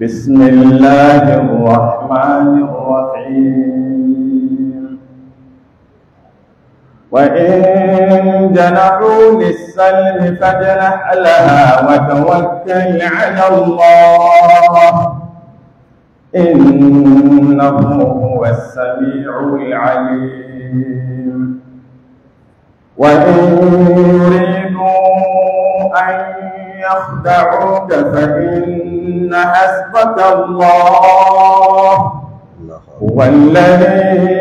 بسم الله الرحمن الرحيم وإن جنحوا للسلم فاجنح لها وتوكل على الله إنه هو السميع العليم وإن يريدوا أن يخدعوك فإن حسبك الله هو الذي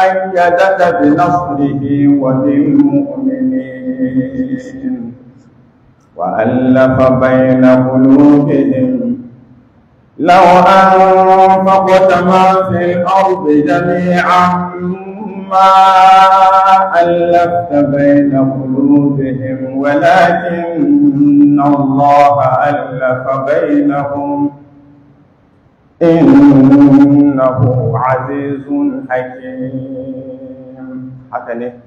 أيدك بنصره وبالمؤمنين وألف بين قلوبهم لو أنفقت ما في الأرض جميعا ما ألفت بين قلوبهم ولكن الله ألف بينهم إنه عزيز حكيم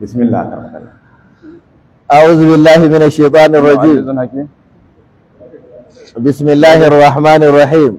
بسم الله الرحمن الرحيم أعوذ بالله من الشيطان الرجيم بسم الله الرحمن الرحيم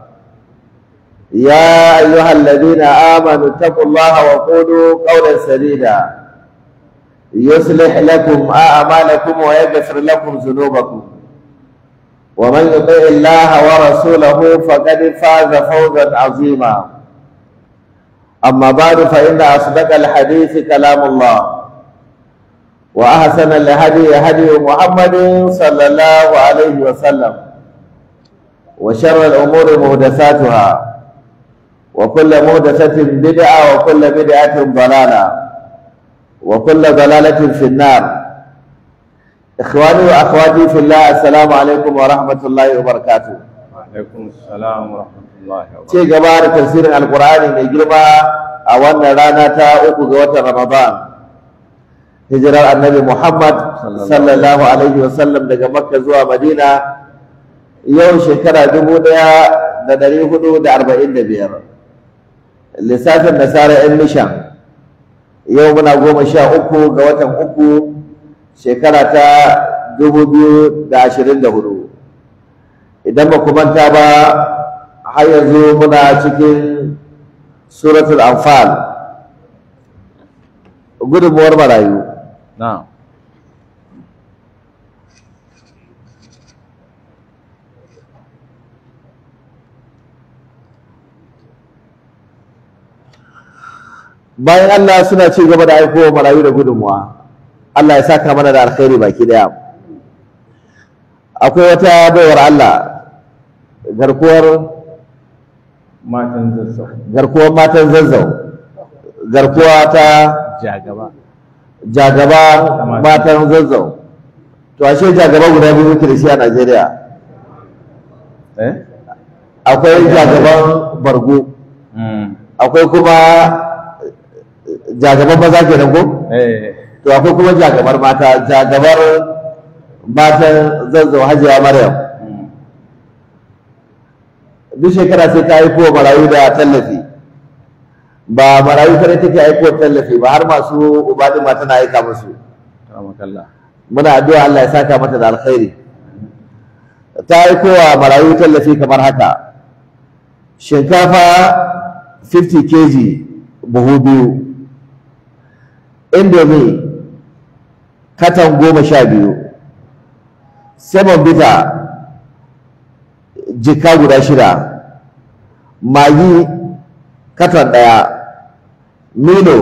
يا أيها الذين آمنوا اتقوا الله وقولوا قولا سديدا يصلح لكم أعمالكم ويغفر لكم ذنوبكم ومن يطع الله ورسوله فقد فاز فوزا عظيما أما بعد فإن أصدق الحديث كلام الله وأحسن الهدي هدي محمد صلى الله عليه وسلم وشر الأمور مهدساتها وكل محدثة بدعة وكل بدعة ضلالة وكل ضلالة في النار إخواني وأخواتي في الله السلام عليكم ورحمة الله وبركاته وعليكم السلام ورحمة الله وبركاته شيء جبار تفسير القرآن من جربا أولنا رانا تاؤك غوة رمضان هجرة النبي محمد صلى الله عليه وسلم لقى مكة زوى مدينة يوم شكرا دمونا da ɗari hudu da arba'in da biyar lissafin nasara yan mishan yau muna goma sha uku ga watan uku shekara ta dubu biyu da ashirin da hudu idan ba ku manta ba har yanzu muna cikin suratul anfal gudunmuwar marayu bayan Allah suna ci gaba da aikowa marayu da gudunmuwa Allah ya saka mana da alkhairi baki daya akwai wata baiwar Allah garkuwar matan zazzau garkuwar matan zazzau garkuwa ta jagaba jagaba matan zazzau to ashe jagaba guda biyu muke da shi a Najeriya eh? akwai jagaban bargo hmm. akwai kuma Jagabar maza ke nan ko? Eh. to akwai kuma jagabar mata jagabar matan zanzan hajiya maryam duk shekara sai ta haifo marayu da tallafi ba marayu kare take haifo tallafi ba har masu ubadin mata na aika musu muna addu'a Allah ya saka mata da alkhairi ta haifo wa marayu tallafi kamar haka shinkafa 50 kg buhu biyu indomi katon goma sha biyu seven bita jika guda shida magi katon daya milo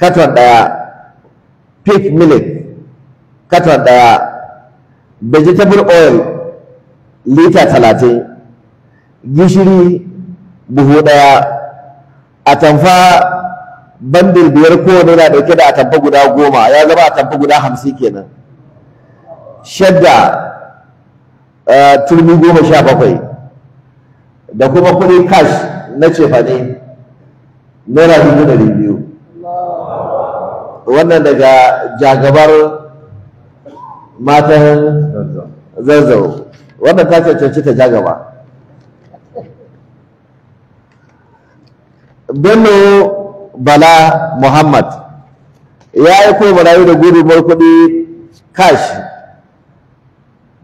katon daya pig milk katon daya vegetable oil lita talatin gishiri buhu ɗaya atamfa bandil biyar kowane yana ɗauke da atamfa guda goma ya zama atamfa guda hamsin kenan shadda eh, turmi goma sha bakwai da kuma kuɗin cash na cefane naira dubu ɗari biyu wannan daga jagabar matan zazzau wannan ta cancanci ta jagaba bello bala muhammad ya yi kuma marayu da gudunmar kuɗi cash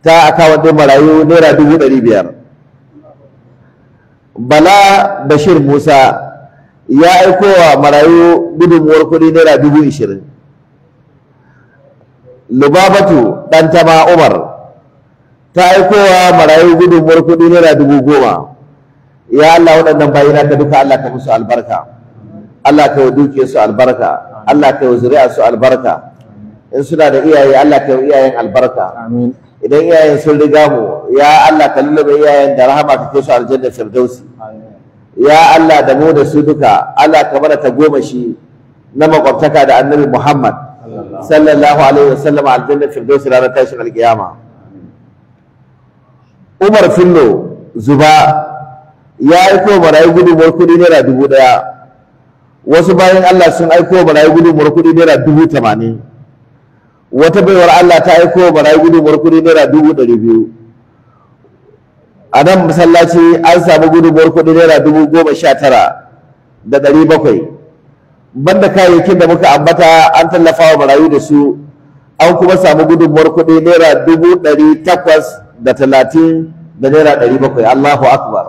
ta akawun ɗin marayu naira dubu ɗari biyar bala bashir musa ya aiko wa marayu gudunmuwar kuɗi naira dubu ishirin lubabatu ɗantama umar ta aiko wa marayu gudunmuwar kuɗi naira dubu goma ya allah waɗannan bayina da duka allah ka musu albarka Allah ka yi dukiya su albarka Allah ka yi zuri'a su albarka in suna da iyaye Allah ka yi iyayen albarka idan iyayen sun riga mu ya Allah ka lullube iyayen da rahama ka kai su aljanna firdausi ya Allah da mu da su duka Allah ka mana ta goma shi na makwabtaka da annabi Muhammad sallallahu alaihi wa sallam aljanna firdausi ranar tashin alkiyama Umar Fillo Zuba ya yi kuma marayu gudunmuwar kuɗi naira dubu ɗaya wasu bayan Allah sun aiko barayi mura kuɗi naira dubu tamanin wata baiwar Allah ta aiko barayi mura kuɗi naira dubu ɗari biyu a nan masallaci an samu mura kuɗi naira dubu goma sha tara da ɗari bakwai banda kayayyakin da muka ambata an tallafa wa barayi da su an kuma samu gudunmuwar kuɗi naira dubu ɗari takwas da talatin da naira ɗari bakwai Allahu akbar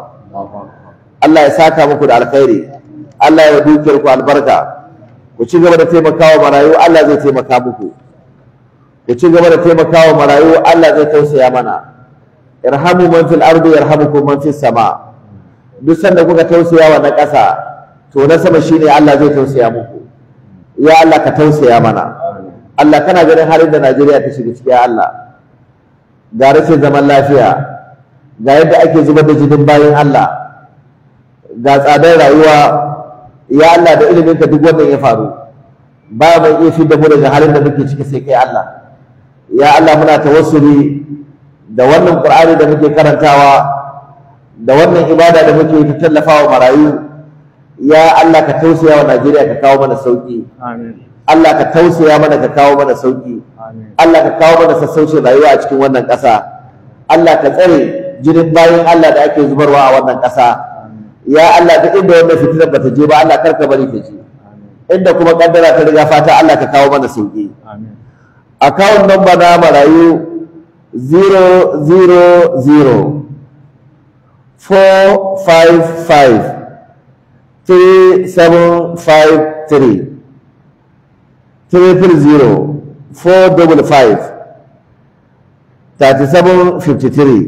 Allah ya saka muku da alkhairi Allah ya dukiyar ku albarka ku ci gaba da taimakawa marayu Allah zai taimaka muku ku ci gaba da taimakawa marayu Allah zai tausaya mana irhamu man fil ardi yarhamukum man fis sama duk sanda kuka tausaya wa na ƙasa to na sama shine Allah zai tausaya muku ya Allah ka tausaya mana Allah kana ganin halin da Najeriya ta shiga ciki ya Allah ga rashin zaman lafiya ga yadda ake zubar da jinin bayan Allah ga tsadar rayuwa ya Allah da ilimin ka duk wannan ya faru ba mai iya da mu daga halin da muke ciki sai kai Allah ya Allah muna tawassuli da wannan Qur'ani da muke karantawa da wannan ibada da muke ta tallafawa marayu ya Allah ka tausaya wa Najeriya ka kawo mana sauki amin Allah ka tausaya mana ka kawo mana sauki Allah ka kawo mana sassauci rayuwa a cikin wannan ƙasa Allah ka tsare jinin bayan Allah da ake zubarwa a wannan ƙasa ya Allah duk inda wannan fitinar bata je ba Allah karka bari ta je inda kuma kaddara ta riga fata Allah ka kawo mana sauki kawon nan ba na marayu 000 455 3753 triple zero four five thirty seven fifty three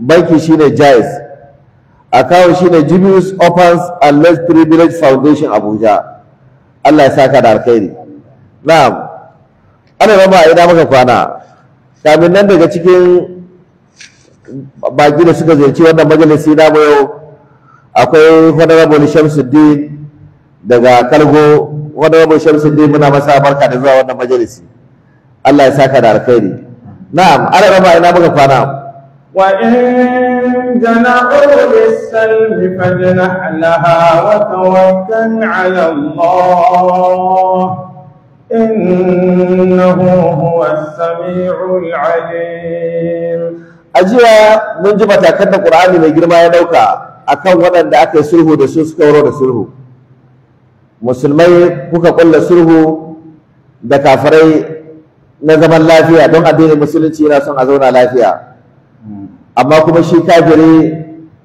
banki shine jais kawo shi ne jibius Opens and Less Privilege Foundation Abuja Allah ya saka da alkhairi na'am ana ba ma na maka kwana kamin nan daga cikin baki da suka ziyarci wannan majalisi na mu yau akwai honorable Shamsuddin daga Kalgo honorable Shamsuddin muna masa barka da zuwa wannan majalisi Allah ya saka da alkhairi na'am ana ba ina maka kwana وإن جنحوا للسلم فاجنح لها وتوكل على الله إنه هو السميع العليم أجيا من جمع تأكد القرآن من جرما يدوكا akan waɗanda aka yi sulhu da su suka wuro da sulhu musulmai kuka ƙulla sulhu da kafirai na zaman lafiya don addinin musulunci yana son a zauna lafiya amma kuma shi kafiri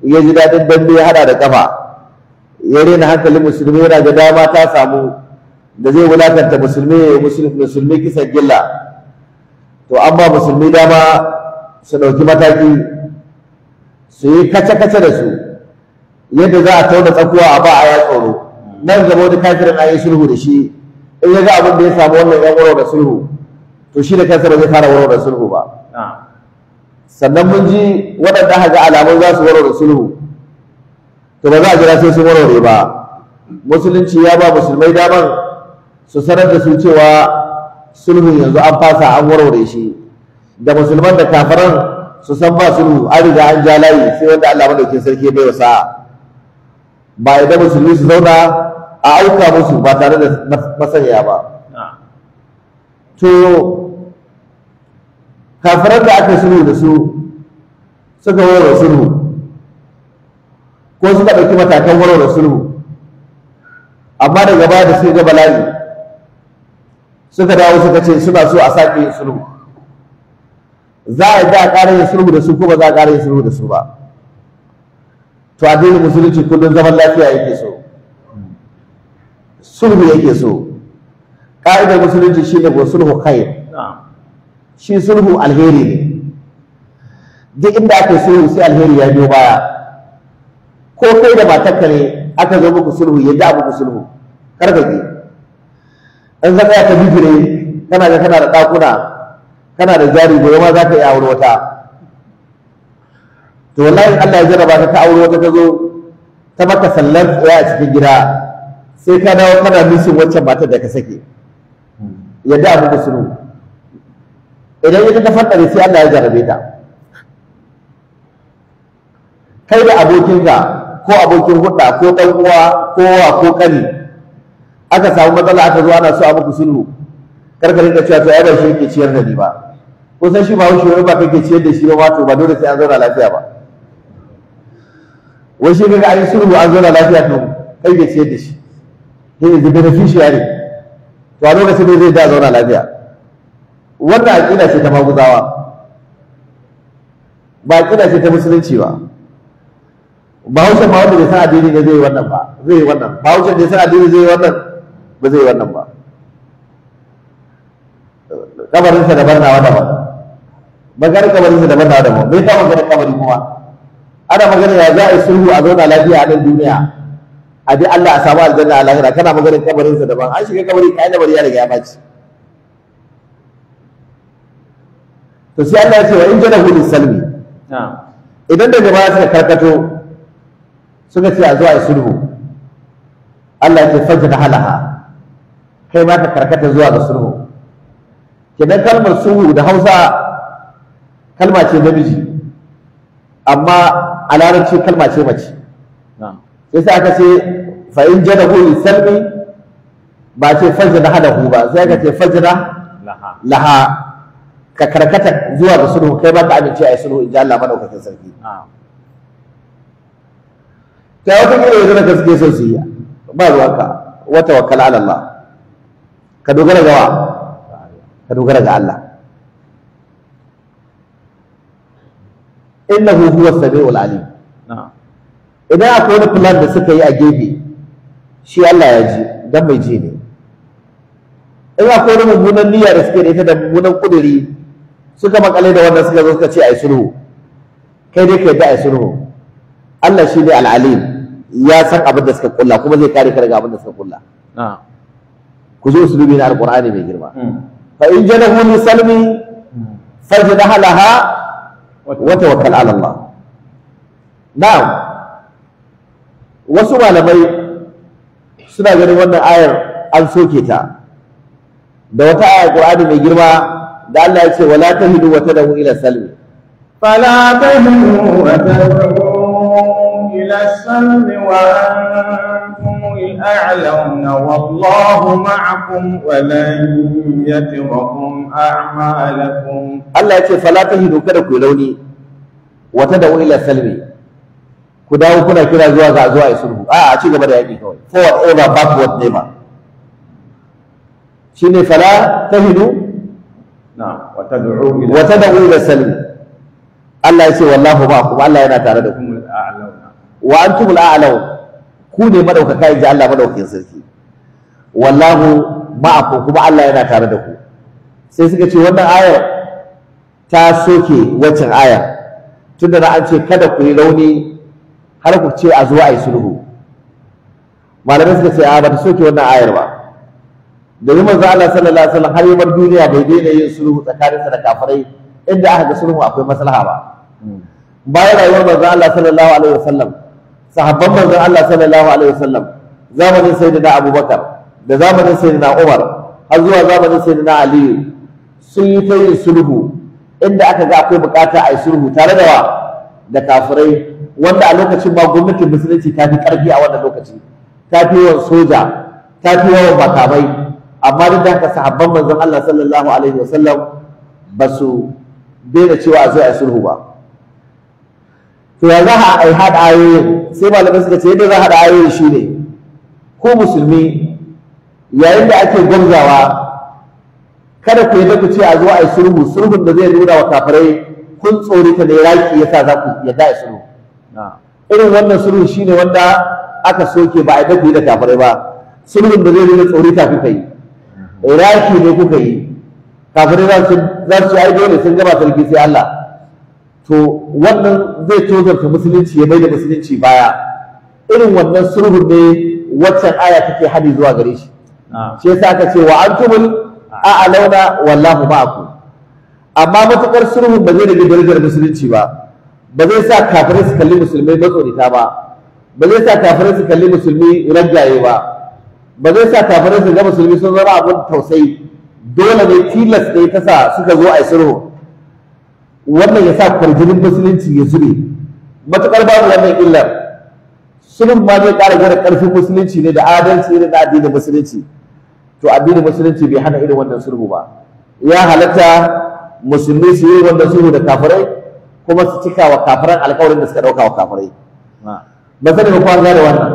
ya ji daɗin dambe ya haɗa da ƙafa ya rena hankalin musulmi yana ga dama ta samu da zai wulakanta musulmi musulmi kisan gilla to an musulmi dama su ɗauki mataki su yi kace-kace da su yadda za a tauna tsakuwa a ba a ya tsoro nan gaba wani kafirin a yi sulhu da shi in ya ga abin da ya samu wannan yan da sulhu to shi da kansa ba zai fara warware sulhu ba sannan mun ji waɗanda haka alamun za su warware sulhu to ba za a jira sai sun warware ba musulunci ya ba musulmai damar su sanar da su cewa sulhu yanzu an fasa an warware shi da musulman da kafaran su san ba sulhu an riga an ja layi sai wanda da ke sarki bai wasa ba idan musulmi su zauna a auka musu ba tare da masanya ba to kafiran da aka sulhu da su suka warware sulhu ko suka ɗauki matakan warware sulhu amma daga baya da suka ga bala'i suka dawo suka ce suna so a sake sulhu za a za a ƙara yin sulhu da su ko ba za a ƙara yin sulhu da su ba to addinin musulunci kullum zaman lafiya yake so sulhu yake so ƙa'idar musulunci shine wa sulhu khair shi sulhu alheri ne duk inda aka sulhu sai alheri ya biyo baya ko kai da matarka ne aka zo muku sulhu ya da muku sulhu kar ka ji. in zaka ta bibire kana ga kana da dakuna kana da jari gobe ma zaka yi aure wata to wallahi Allah ya jarraba ka aure wata ta zo ta maka sallar tsaya a cikin gida sai ka dawo kana nisin wancan matar da ka sake yadda abu da sulhu idan ita ta faɗa sai Allah ya jarabe ta kai da abokinka ko abokin hudda ko ɗan uwa ko wa ko kani aka samu matsala aka zo ana so a muku sulhu karka rinka cewa to ai ba shi yake ciyar da ni ba ko san shi ba shi wani ba kake ciyar da shi ba wato ba dole sai an zauna lafiya ba wai shi kaga an sulhu an zauna lafiya to kai ke ciyar da shi he da the beneficiary to a lokacin da zai da zauna lafiya wannan aƙida ce ta maguzawa ba aƙida ce ta musulunci ba bahaushe ma wanda bai san addini ne zai yi wannan ba zai yi wannan bahaushe da ya san addini zai yi wannan ba zai yi wannan ba kabarinsa daban nawa daban maganar kabarinsa daban nawa daban bai ta maganar kabari kuma ana magana ya za a yi sulhu a zauna lafiya a nan duniya a bi Allah a samu aljanna a lahira kana maganar kabarinsa daban an shiga kabari kayan da bari ya riga ya baci to sai Allah ya ce wa in jana hudu salmi idan da jama'a suka karkato suka ce a zuwa a sulhu Allah ya ce fajr halaha kai ma ka karkata zuwa ga sulhu kenan kalmar sulhu da Hausa kalma ce namiji amma a larabci kalma ce mace sai aka ce fa in jana hudu salmi ba ce fajr halahu ba sai aka ce fajr laha ka karkata zuwa ga sulhu kai ba ka amince a yi sulhu in ji Allah madaukakin sarki ta wata gina yanzu da gaske son su yi ba ka, wata wakal ala Allah ka dogara ga wa ka dogara ga Allah Inna innahu huwa samiul alim idan akwai wani plan da suka yi a gefe shi Allah ya ji dan mai ji ne in akwai wani mummunan niyya da suke da ita da mummunan kuduri suka makale da wannan suka zo suka ce ai sulhu kai dai kai yadda ai sulhu Allah shi ne al'alim ya san abin da suka kulla kuma zai kare ka daga abin da suka kulla ku zo su dubi na alqur'ani mai girma hmm. fa in janahu li salmi hmm. fajdah laha wa tawakkal ala Allah na'am wasu malamai suna ganin wannan ayar an soke ta da wata ayar Qur'ani mai girma da Allah ya ce wala tahinu wa tadawu ila salmi fala tahinu ila salmi wa wallahu ma'akum wa a'malakum Allah ya ce fala hidu kada ku launi da tadawu ila salmi ku dawo kuna kira zuwa ga zuwa ya sulhu a a ci gaba da yaki kawai forward ever backward never shine fala hidu. wata da ula salim Allah ya ce wallahu ba kuma Allah yana tare da ku wa antumul a'law ku ne madaukaka inji Allah madaukakin sarki wallahu ma'akum kuma Allah yana tare da ku sai suka ce wannan ayar ta soke wacin aya tunda na an ce kada ku yi rauni har ku ce a zuwa a yi sulhu malamai suka ce a ba ta soke wannan ayar ba domin manzo Allah sallallahu alaihi wasallam har yabar duniya bai daina yin sulhu tsakaninsa da kafirai inda aka ga sulhu akwai maslaha ba bayan rayuwar manzo Allah sallallahu alaihi wasallam sahabban manzo Allah sallallahu alaihi wasallam zamanin sayyidina Abubakar da zamanin sayyidina Umar har zuwa zamanin sayyidina Ali sun yi ta yin sulhu inda aka ga akwai bukata a yi sulhu tare da wa da kafirai wanda a lokacin ma gwamnatin musulunci ta fi karfi a wannan lokaci ta fi yawan soja ta fi yawan makamai amma duk da haka sahabban manzon Allah sallallahu alaihi wasallam ba su daina cewa a zai a sulhu ba to ya za a haɗa ayoyin sai malamai suka ce yadda za a haɗa ayoyin shine ko musulmi yayin da ake gwamzawa kada ku yi da ku ce a zo a yi sulhu sulhun da zai nuna wa kafirai kun tsori ta da ya yasa za ku yadda a sulhu irin wannan sulhun shine wanda aka soke ba a yi da ku yi da kafirai ba sulhun da zai nuna tsori ta fi kai raki ne kuka yi kafirin za su za su dole sun gaba sarki sai Allah to wannan zai tozarta musulunci ya maida musulunci baya irin wannan sulhu ne waccan aya take hadi zuwa gare shi shi yasa aka ce wa antumul a'launa wallahu ma'akum amma matukar sulhu ba zai rage darajar musulunci ba ba zai sa kafirai su kalli musulmai matsorita ba ba zai sa kafirai su kalli musulmi rajaye ba ba zai sa kafirai su ga musulmi sun zama abin tausayi dole ne tilas ne ta sa suka zo a yi sulhu wannan ya sa kwarjinin musulunci ya zube matuƙar babu wannan illar sulhun ma zai ƙara gina ƙarfin musulunci ne da adalci ne na addinin musulunci to addinin musulunci bai hana irin wannan sulhu ba ya halatta musulmi su yi wannan sulhu da kafirai kuma su cika wa kafiran alƙawarin da suka ɗauka wa kafirai ba sani ba kwan gane wannan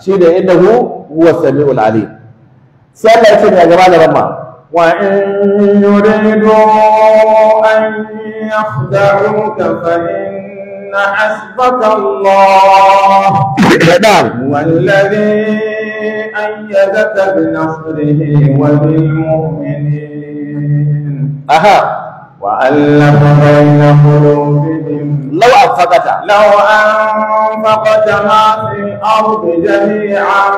shi ne inda hu هو السميع العليم سأل يسمي يا جماعة لما وإن يريدوا أن يخدعوك فإن حسبك الله هو نعم. الذي أيدك بنصره وبالمؤمنين أها وألف بين قلوبهم لو أنفقت لو أنفقت ما في الأرض جميعا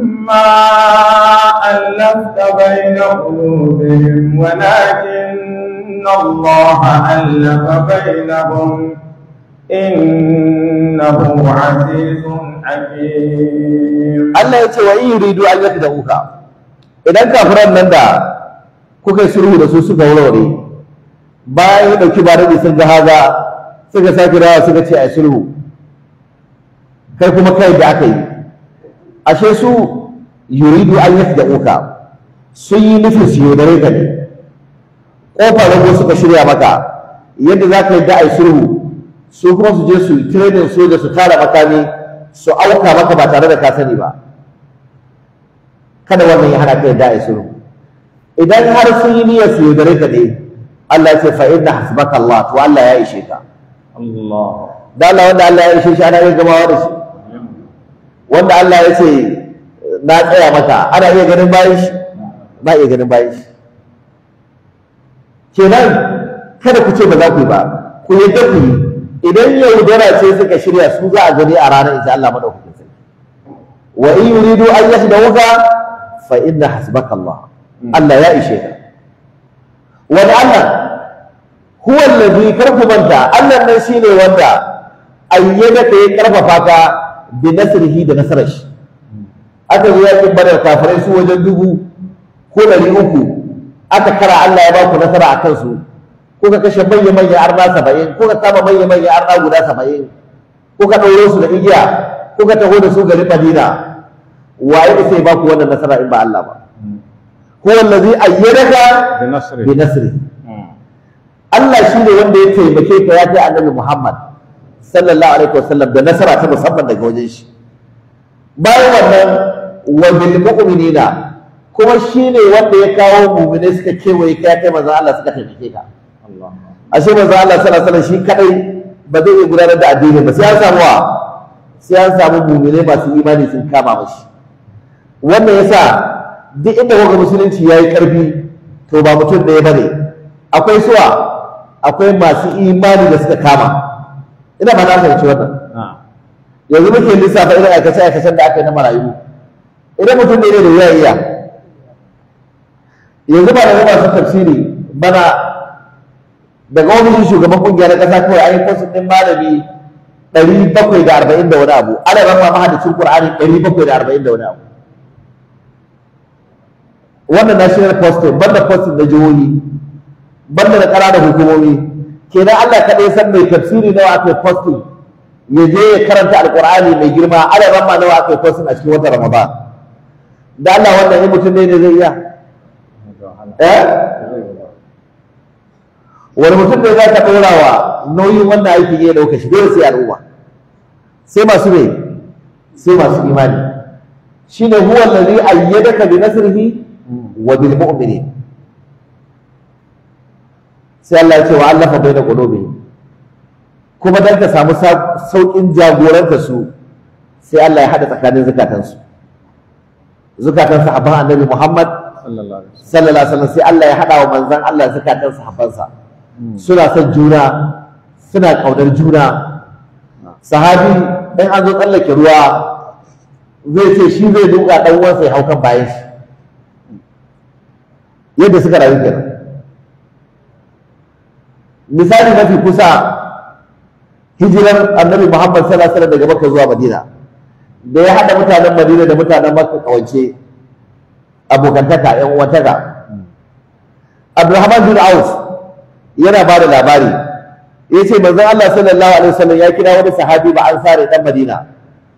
ما ألفت بين قلوبهم ولكن الله ألف بينهم إنه عزيز حكيم الله يتوى إن يريدوا أن يخدعوك إذا كفران من ذا kuka yi sulhu da su suka wurare bayan ya ɗauki ba daɗi sun ga haza suka sake rawa suka ce a sulhu kai kuma kai da aka yi ashe su yuridu an uka sun yi nufin su yaudare ka ne kofar rago suka shirya maka yadda za ka yi da a sulhu su kuma su je su tirenin da su tara makami su auka maka ba tare da ka sani ba kada wannan ya hana kai da a sulhu idan har sun yi niyyar su yaudare ka ne Allah ya ce fa inna hasbaka Allah to Allah ya ishe ka da Allah wanda Allah ya ishe shi ana iya gamawa da shi wanda Allah ya ce na tsaya mata ana iya ganin bayan shi ba iya ganin bayan shi kenan kada ku ce ba za ku yi ba ku yi ku yi idan yaudara ce suka shirya su za a gani a ranar insha Allah madaukakin sai wa in yuridu an yahdawuka fa inna hasbaka Allah hmm. Allah ya ishe ka wani Allah huwa alladhi manta, Allah nan shine wanda ayyadaka ya karfafa ka bi nasrihi da nasarar shi aka zo yakin badar kafirai su wajen dubu ko ɗari uku aka kara Allah ya ba ku nasara a kansu ko ka kashe manya manya arna saba'in ka kama manya manya arna guda saba'in ka ɗauro su da igiya ko ka taho da su gari Madina waye sai ba ku wannan nasara in ba Allah ba hmm. huwa allazi ka bi nasrihi Allah shi ne wanda ya taimake ka ya kai annabi Muhammad sallallahu alaihi wasallam da nasara ta musamman daga wajen shi bayan wannan wa bil mu'minina kuma shi ne wanda ya kawo mu'mini suka kewaye ka ya kai manzon Allah suka taimake ka ashe manzon Allah sallallahu alaihi wasallam shi kadai ba zai iya gudanar da addini ba sai an samu wa sai an samu mu'mini masu imani sun kama mashi wannan yasa duk inda kuka musulunci yayi karfi to ba mutum da ya bane akwai suwa akwai masu imani da suka kama ina ba na fahimci wannan yanzu muke lissafa irin aikace aikacen da aka yi na marayu idan mutum ne da wuya iya yanzu ba da su tafsiri mana daga ofishin shugaban kungiyar na kasa kawai an yi kosin ɗin malami ɗari bakwai da arba'in da wani abu ana rama mahadacin ƙur'ani ɗari bakwai da arba'in da wani abu wannan national posting banda posting na jihohi banda da ƙananan hukumomi kenan Allah kaɗai san mai tafsiri nawa a kai fasting ya je ya karanta alƙur'ani mai girma adadin ramma nawa a kai fasting a cikin watan ramadan da Allah wannan in mutum ne ne zai iya eh? wani mutum ne za ka ɗora wa nauyin wannan aikin ya ɗauka shi dole sai al'umma sai masu ne sai masu imani shine huwa allazi ayyadaka bi nasrihi wa bil mu'minin sai Allah ya ce wa allafa da qulubihim kuma dan ka samu saukin jagoranta su sai Allah ya hada tsakanin zukatansu sa Abba annabi Muhammad sallallahu alaihi wasallam sai Allah ya hada wa manzon Allah zukatan sa hmm. suna son juna suna kaudar juna sahabi dan an zo tsallake ruwa zai ce shi zai duka dan uwansa ya hau kan bayan shi yadda suka rayu kenan misali mafi kusa hijirar annabi muhammad sallallahu alaihi daga makka zuwa madina da ya haɗa mutanen madina da mutanen makka kawance abokantaka yan uwantaka abdurrahman bin aus yana ba da labari ya ce manzon allah sallallahu alaihi wasallam ya kira wani sahabi ba an sare dan madina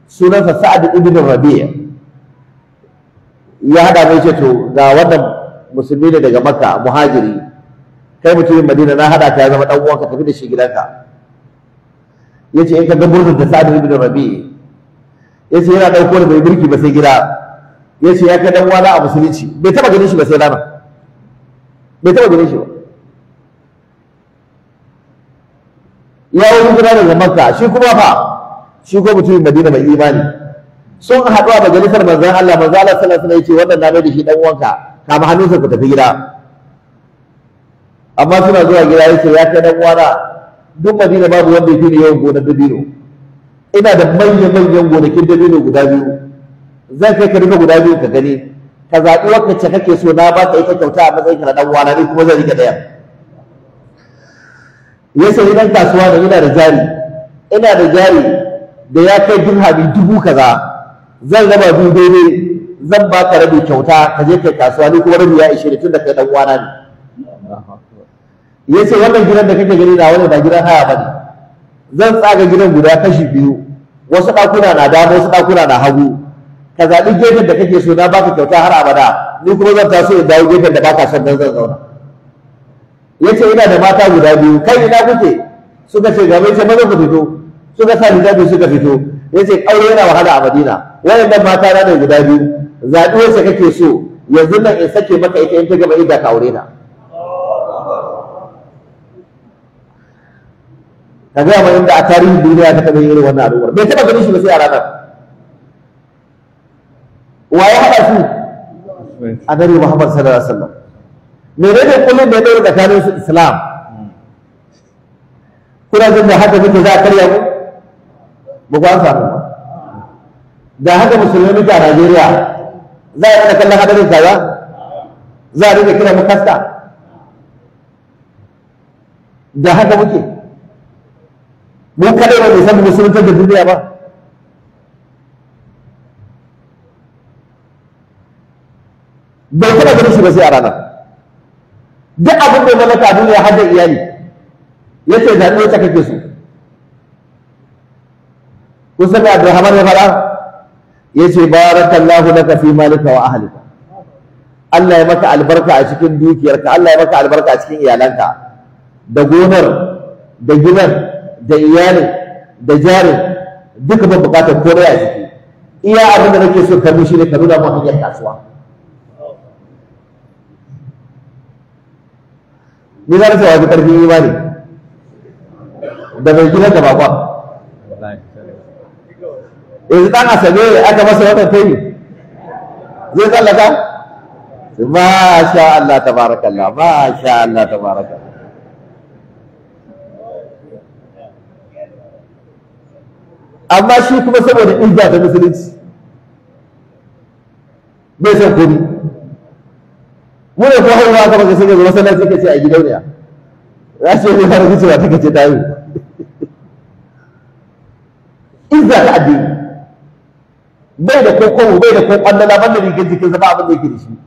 sunansa sa'ad ibn rabi' ya haɗa mai ce to ga wannan musulmi ne daga makka muhajiri kai mutumin madina na haɗa ta ya zama ɗan'uwanka uwanka tafi da shi gidanka ya ce in ka ga burzun da sa'ad ibn rabi ya ce yana ɗauko da bai birki ba sai gida ya ce ya kai ɗan wala a musulunci bai taɓa ganin shi ba sai rana bai taɓa ganin shi ba ya wani gida daga makka shi kuma fa shi ko mutumin madina mai imani sun haɗu a majalisar manzan Allah manzan Allah sallallahu alaihi wasallam ya ce wannan na mai da shi ɗan'uwanka uwanka kama hannunsa ku tafi gida amma suna zuwa gida yake ya kai dan uwana duk madina babu wanda ya ne yawan gonar dabino ina da manyan manyan gonakin dabino guda biyu zan kai ka rika guda biyu ka gani ka zaɓi wacce kake so na ba ka ita kyauta a matsayin ka na dan uwana ne kuma zan rike ɗaya yace idan kasuwa da ina da jari ina da jari da ya kai dirhami dubu kaza zan zama biyu daidai zan ba ka rabi kyauta ka je kai kasuwa ni kuma rabi ya ishe ni da kai dan uwana ne ya ce wannan gidan da kake gani na wani ba gidan haya ba ne zan tsaga gidan guda kashi biyu wasu ɗakuna na dama wasu ɗakuna na hagu ka zaɓi gefen da kake so na baka kyauta har abada ni kuma zan taso in dawo gefen da baka son dan zan zauna ya ce ina da mata guda biyu kai ina kuke suka ce gaba ce maza ku fito suka sa hijabi suka fito ya ce aure yana wahala a madina waɗannan mata na da guda biyu zaɓi wacce kake so yanzu nan in sake maka ita in ta gaba idda ka aure na ka gaya mai inda a tarihin duniya ta taɓa yin wannan al'ummar bai taɓa ganin shi ba sai a ranar wa ya haɗa su annabi muhammad sallallahu alaihi wasallam menene kullum ne ya daura tsakanin su islam kuna jin da haka muke za a karya mu ba ku an samu da haka musulmi muke a najeriya za a rika kallon hadarin kaza za a rika kira mu kasta da haka muke mu kaɗai ba mai san musulunta da duniya ba bai taɓa ganin shi ba sai a ranar duk abin da ya mallaka a duniya har da iyali ya ce zaɓi wacce kake su. kun sani abdulrahman ya faɗa ya ce barakallahu laka fi malika wa ahlika Allah ya maka albarka a cikin dukiyarka Allah ya maka albarka a cikin iyalanka da gonar da gidan da iyalin da jarin duka ban bukatar komai a ciki iya abin da nake so kallo shi ne ka nuna mu hanyar kasuwa ni za ta wani karfin imani da bai gina da bakwa yanzu dan asabe aka masa wata tayi zai tsallaka ma sha Allah tabarakallah ma sha Allah tabarakallah amma shi kuma saboda izza ta musulunci bai san kudi mu ne ko haihuwa ka baka sai ga masallaci kace a Ya za su yi fara gujewa ta kace tayi izza ta addini bai da ko kowo bai da ko kwandala banda rigar jikin zama abin da yake da shi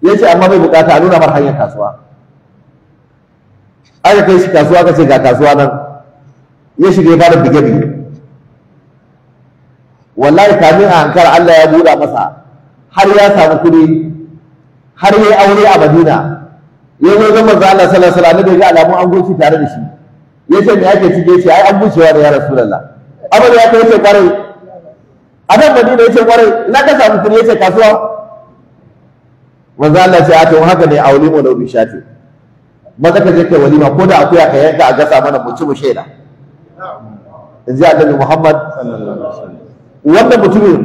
ya ce amma bai bukata a nuna mar hanyar kasuwa aka kai shi kasuwa ka ce ga kasuwa nan ya shiga ya fara bige-bige wallahi kamin a hankara Allah ya buɗa masa har ya samu kuɗi har ya yi aure a Madina ya zo ga manzo Allah sallallahu alaihi wasallam ga alamun an goci tare da shi ya ce me ake cike ce ai an bucewa da ya rasulullah abin ya kai ce kwarai a nan Madina ya ce kwarai ina ka samu kuɗi ya ce kasuwa manzo Allah ce a to haka ne a wani mu da shafi maza ka je kai walima ko da akuya ka yanka a gasa mana mu ci mu shaida in ji annabi Muhammad sallallahu alaihi wasallam wannan mutumin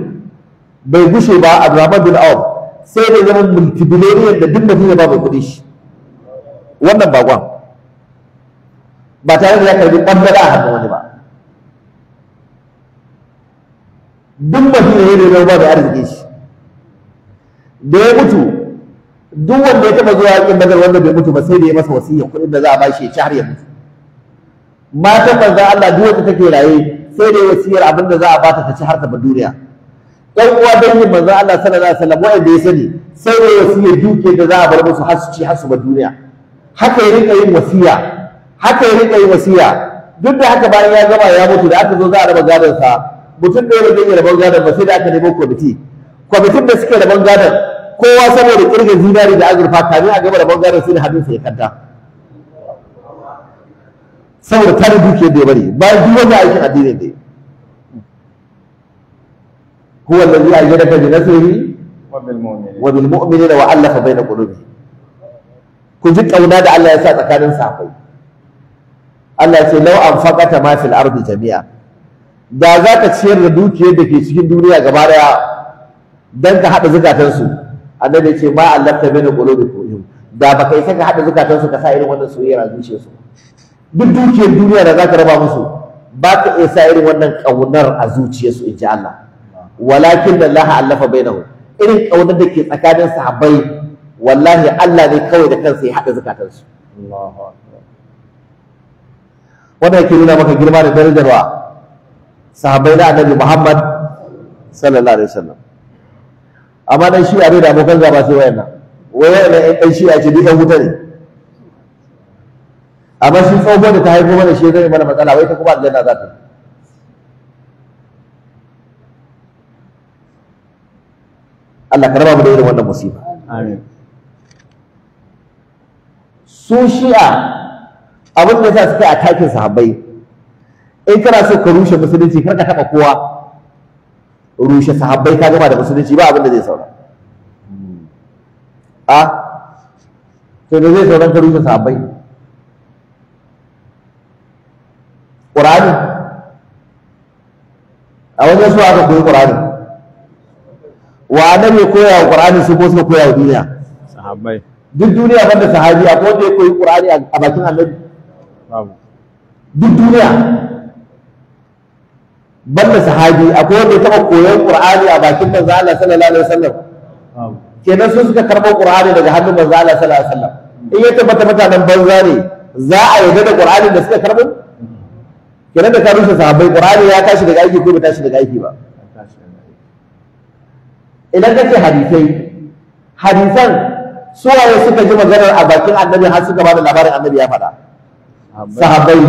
bai gushe ba a zaman bin awf sai da zama multibiloniyan da duk madina ba mai kuɗi shi wannan bakon ba tare da ya karbi ɓangare a hannun wani ba duk madina ya da zama da arziki shi da ya mutu duk wanda ya taba zuwa yakin bazar wanda bai mutu ba sai da ya masa wasiyya kuɗin da za a shi ya ci har ya mutu matan banza Allah duk wanda take raye sai da wasiyar abin da za a bata ta ci har ta duniya ɗan uwa dangin manzan Allah sallallahu alaihi wasallam wanda ya sani sai da wasiyar duke da za a bar musu har su ci har su duniya haka ya rika yin wasiya haka ya rika yin wasiya duk da haka bayan ya gama ya mutu da aka zo za a raba gadon sa mutum ɗaya ya rage iya rabar gadon ba sai da aka nemo kwamiti kwamitin da suke rabar gadon kowa saboda kirgin zinari da azurfa kamin a gama rabar gadon sai da hannunsa ya kanta saboda tare dukiyar da ya bari bayan duk wanda aikin addinin da ya huwa da ayyadaka bi nasrihi wa bil mu'minina wa allafa baina qulubihim ku ji kauna da Allah ya sa tsakanin safai Allah ya ce law anfaqata ma fil ardi jami'a da za ka ciyar da dukiyar da ke cikin duniya gaba daya don ka hada zukatansu annabi ya ce ma allafta baina qulubihim da da baka isa ka hada zukatansu ka sa irin wannan soyayya a zuciyarsu duk dukiyar duniya da za ka raba musu ba ka iya sa irin wannan ƙaunar a zuciyarsu in ji Allah walakin da Allah allafa nahu irin ƙaunar da ke tsakanin sahabbai wallahi Allah ne kawai da kansa ya haɗa zukatansu wannan yake nuna maka girma da darajarwa, sahabai sahabbai na annabi Muhammad sallallahu alaihi wasallam amma dan shi abin da abokan gaba sai wayanna wayanna ɗan shi a ce duk ɗan wuta ne amma shi tsoho da ta haifo mana shi zai mana matsala wai ta kuma aljanna za ta Allah ka raba mu da irin wannan musiba su shi'a abin da yasa a takin sahabbai in kana so ka rushe musulunci kar ka taba kowa rushe sahabbai ka gama da musulunci ba abin da zai saura hmm. a ah, to da zai sauran ka rushe sahabbai ƙur'ani a wajen su aka koyi ƙur'ani wa annabi ya koya wa ƙur'ani su ko suka koya wa duniya duk duniya banda sahabi akwai wanda ya koyi ƙur'ani a bakin annabi duk duniya banda sahabi akwai wanda ya taɓa koyon ƙur'ani a bakin manzo Allah sallallahu alaihi wasallam kenan su suka karɓo ƙur'ani daga hannun manzo Allah sallallahu alaihi wasallam in ya tabbata mutanen banza ne za a yarda da ƙur'ani da suka karɓo kenan da ka rusa sahabbai qur'ani ya tashi daga aiki ko bai tashi daga aiki ba idan kace hadisai hadisan suwaye suka ji maganar a bakin annabi har suka bada labarin annabi ya faɗa sahabbai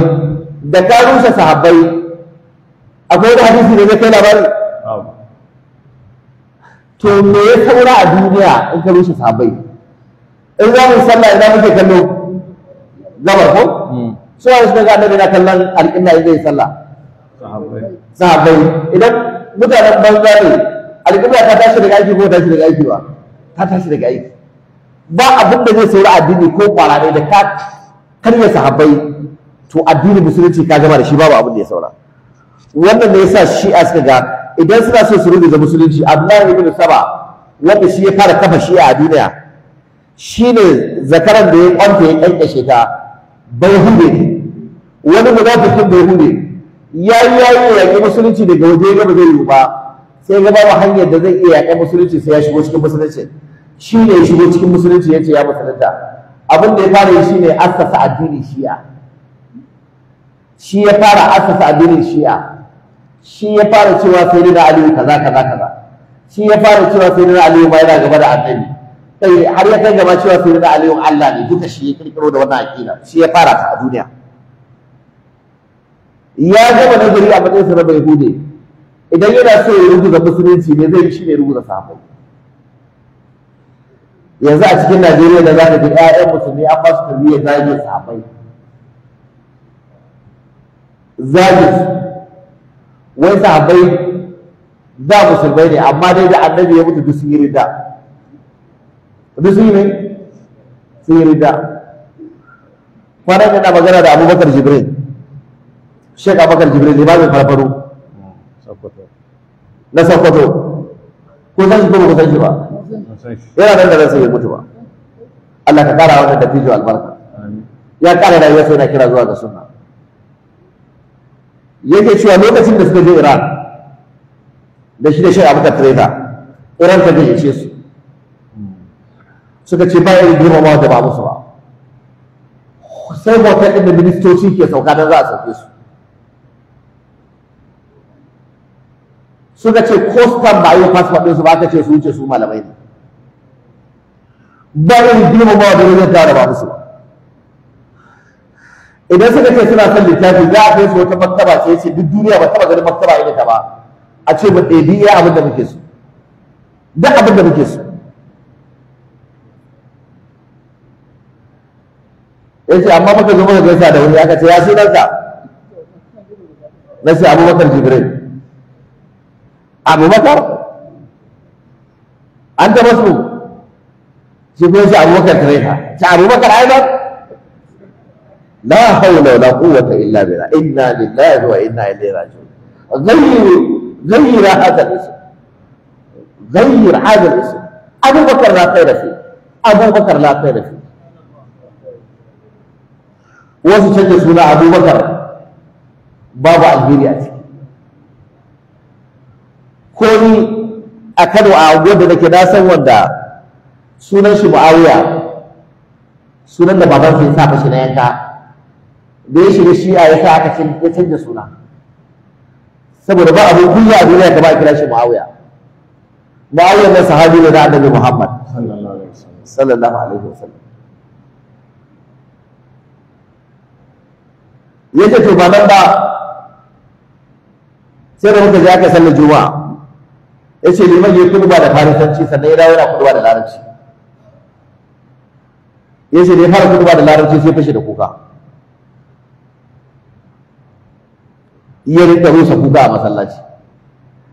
da ka rusa sahabbai akwai hadisi da zai kai labarin to me ya saura a duniya in ka rusa sahabbai in za mu sallah idan muke kallo gabar ko hmm. su suna ga annabi na kallon alƙinna in zai sallah sahabbai idan mutanen banza ne alƙinna ta tashi daga aiki ko tashi daga aiki ba ta tashi daga aiki ba abin da zai saura addini ko kwara ne da ka karya sahabbai to addini musulunci ka gama da shi babu abin da ya saura wannan ne yasa a suka ga idan suna so su rubuta musulunci Abdullahi ibn Saba wanda shi ya fara kafa shi a duniya shine zakaran da ya kwanta ya kankashe ta bai hude wani san bai hude ya yi yi yaƙi musulunci daga waje ga ba zai yi ba sai gaba ba hanyar da zai iya yaƙi musulunci sai ya shigo cikin musulunci shi ne ya shigo cikin musulunci ya ce ya musulunta abin da ya fara yi shi ne assasa addinin shi'a shi ya fara assasa addinin shi'a shi ya fara cewa sai da aliyu kaza kaza kaza shi ya fara cewa sai da aliyu ba yana gaba da addini kai eh, har ya kai gaba cewa firda aliyun Allah ne duka shi ya kirkiro da wannan aqida shi ya fara ta a duniya ya gama gari a matsayin sa na bai hude idan yana so ya rubuta musulunci ne zai shi ne rubuta sahabbai yanzu a cikin Najeriya da za ka ga ƴaƴan musulmi an ba su tarbiyyar zagin sahabbai zagin wai sahabbai da musulmai ne amma dai da annabi ya mutu duk sun yi rida duk sun yi ne sun yi rida kwanan yana magana da abubakar jibril shek abubakar jibril mai farfaro na sokoto ko san shi ko ba san shi ba yana nan da ransa ya mutu ba Allah ka kara wannan da fijo albarka ya kara da yasa yana kira zuwa ga sunna yake cewa lokacin da suka je Iran da shi da shek abubakar traitor Iran ta gaje su suka ce ba yin girmama da ba musu ba sai hotel ɗin da ministoci ke sauka don za a sauke su suka ce ko stamp ba yi fasfa ɗinsu ba aka ce su wuce su malamai ne ba yin girmama da wajen tara ba musu ba idan suka ce suna son littafi za a kai su wata maktaba ce ce duk duniya ba taba ganin maktaba irin ta ba a ce ba ɗebi ya abin da muke so duk abin da muke so ya ce amma baka zo muka gaisa da wani aka ce ya sunanka na ce abubakar jibril abubakar an taɓa su shi kuma shi abubakar tareka ta abubakar aibar la hawla wala quwwata illa billah inna lillahi wa inna ilaihi raji'un غير غير هذا الاسم غير هذا الاسم ابو بكر لا خير فيه ابو بكر لا خير فيه wasu canza suna abubakar babu algeria ce. ko ni a kano a wanda nake na san wanda sunan shi mu'awiya sunan da baban ya sa shi na yanka da ya shiga shi a yasa aka ya canza suna saboda ba abin kunya a duniya gaba a kira shi ma'awuya mu'awiya na sahabi ne na annabi muhammad sallallahu alaihi wasallam ya ce to ba nan ba sai da muka je aka sallar juma'a ya ce liman ya kuduba da farisanci sannan ya dawo yana kuduba da larabci ya ce da ya fara kuduba da larabci sai fashe da kuka Ya rinka rusa kuka a masallaci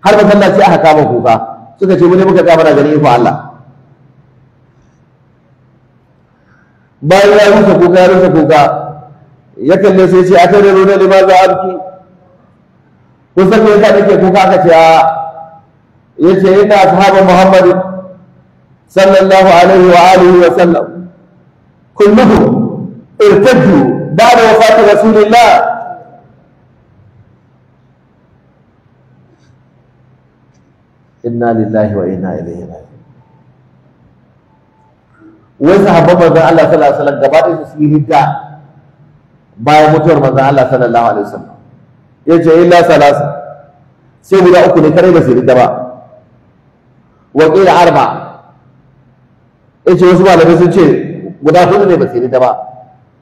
har masallaci aka kama kuka suka ce wani muka kama na ganin ikon Allah bayan ya rusa kuka ya rusa kuka ya kalle sai ce aka da nuna lima za abki kusan ya yasa ke kuka ka ce a ya ce ina sahaba muhammad sallallahu alaihi wa alihi wa sallam kulluhum irtaddu ba'da wafati rasulillah inna lillahi wa inna ilaihi raji'un wai sahabban manzon Allah sallallahu alaihi sallam gaba ɗaya su yi hidda bayan mutuwar manzon Allah sallallahu alaihi wasallam yace illa salasa sai guda uku ne kare ba su daba. ba wa qila arba yace wasu malamai sun ce guda hudu ne ba su ridda ba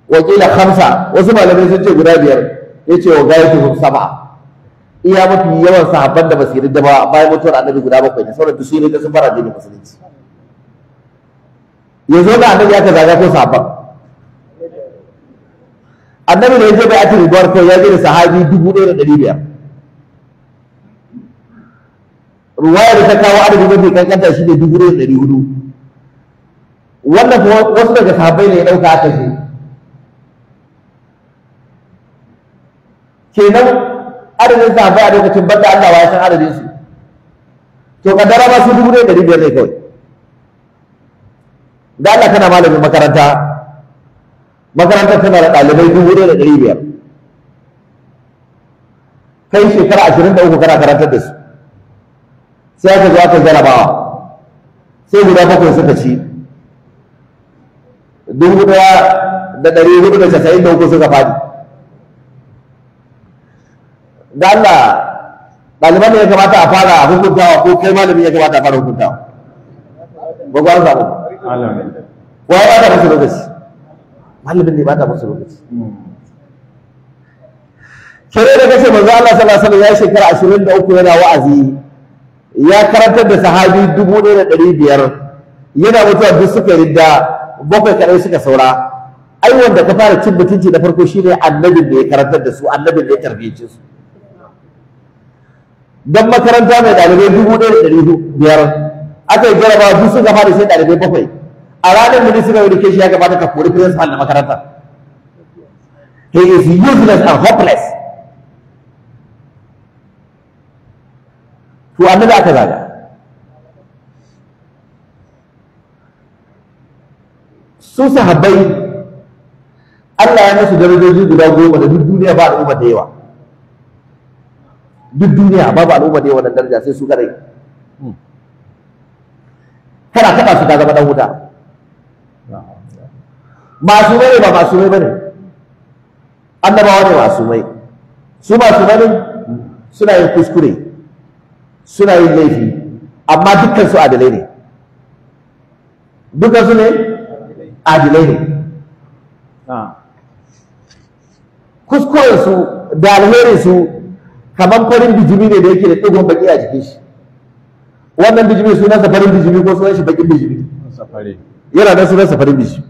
wa qila khamsa wasu malamai sun ce guda biyar yace wa gayatuhum sab'a iya mafi yawan sahabban da basu yarda ba bayan mutuwar annabi guda bakwai ne saboda su yarda sun fara addinin musulunci yanzu da annabi aka zaga ko sahabban annabi da ya je bai atin gwarko ya je da sahabi dubu ɗaya da ɗari biyar ruwaya da ta kawo adadin mafi kankanta shi ne dubu ɗaya da ɗari hudu wanda kuma wasu daga sahabbai ne ya ɗauka aka je kenan adadin sahabbai a lokacin banda Allah ya san adadin su to kaddara ma su dubu ɗaya da ɗari biyar ne kawai da Allah kana malamin makaranta makarantar tana da ɗalibai dubu ɗaya da ɗari biyar kai shekara ashirin da uku kana karantar da su sai aka zo aka jarabawa sai guda bakwai suka ci dubu ɗaya da ɗari hudu da casa'in da uku suka faɗi da Allah ɗaliban da ya kamata a fara hukuntawa ko kai malamin ya kamata a fara hukuntawa ba ku an samu ko ya ɓata musu lokaci halibin ne ba ta musu lokaci kere da kashe manzo Allah sallallahu alaihi wasallam ya shekara ashirin da uku yana wa'azi ya karantar da sahabi dubu ɗaya da ɗari biyar yana mutuwa duk suka yi da bakwai kaɗai suka saura ai wanda ka fara cin mutunci na farko shine annabin da ya karantar da su annabin da ya tarbiyyace su dan makaranta mai ɗalibai dubu ɗaya da ɗari biyar aka yi jarabawa duk suka fara sai ɗalibai bakwai a ranar mutum suka rike shi ya gabata ka kori principal na makaranta he is useless and hopeless to annabi aka zaga su sahabbai Allah ya musu darajoji guda goma da duk duniya ba al'umma da yawa duk duniya babu al'umma da yawa da daraja sai su kadai hmm. kana kada su ta zama dan wuta masu ne ba masumai bane annabawa ne mai su masu ne suna yin kuskure suna yin laifi amma dukkan su adalai ne dukkan su ne adalai ne kuskuren su da alherin su kamar farin bijimi ne da yake da digon baki a jikin shi wannan bijimi sunansa farin bijimi ko sunan shi bakin bijimi yana da sunansa farin bijimi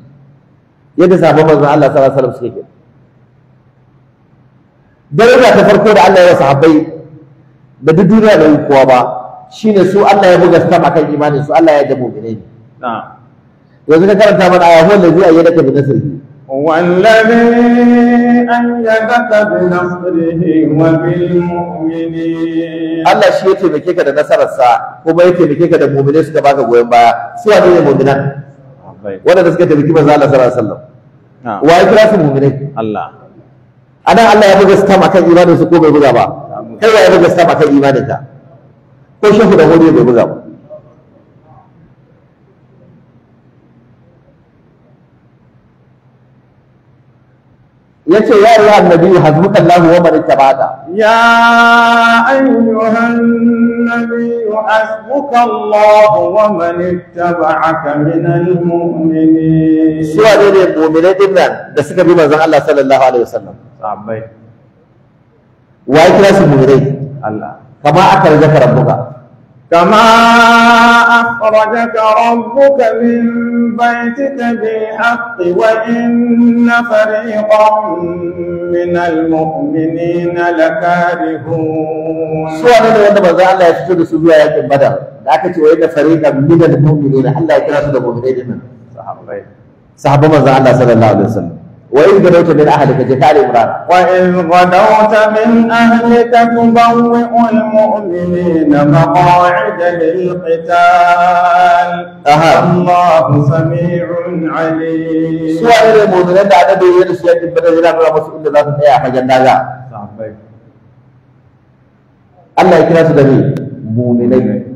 yadda sabon manzo Allah sallallahu alaihi wasallam suke kenan daraja ta farko da Allah ya wasa habbai da duk duniya da kowa ba shine su Allah ya buga stam akan imanin su Allah ya da mu'mine ne yanzu ka karanta mana aya huwa allazi ayyadaka bi nasrihi bil mu'minin Allah shi ya شيء ka da nasararsa kuma ya taimake ka da mu'minai suka baka goyon baya su wane ne mu'minan wanda suka taimaki manzo Allah sallallahu alaihi wasallam wa ya kira su mu'minai Allah anan Allah ya buga stam akan imanin su ko bai buga ba kai wa ya buga stam akan imanin ka ko shafi da hore bai buga ba yace ya ayyuha annabi hasbuka Allah wa man ittaba'aka ya ayyuha annabi hasbuka Allah wa man ittaba'aka min almu'minin su ne ne mu'minai din da suka bi manzon Allah sallallahu alaihi wasallam sahabbai wa kira su mu'minai kama aka كما أخرجك ربك من بيتك بالحق وإن فريقا من المؤمنين لكارهون سوى أنا لو أنه بزاء الله يسجد سجوة يكن بدر لكن سوى إن فريقا من المؤمنين الله يكرهه المؤمنين صحابة صحابة مزاء الله صلى الله عليه وسلم وإن غدوت من أهلك جثال إمران وإن غدوت من أهلك تبوئ المؤمنين مقاعد للقتال أها. الله سميع عليم سؤال المؤمنين بعد أن يرسل سيادة بدل الله ولا مسؤول الله في أيها جنة الله يكرا سدني مؤمنين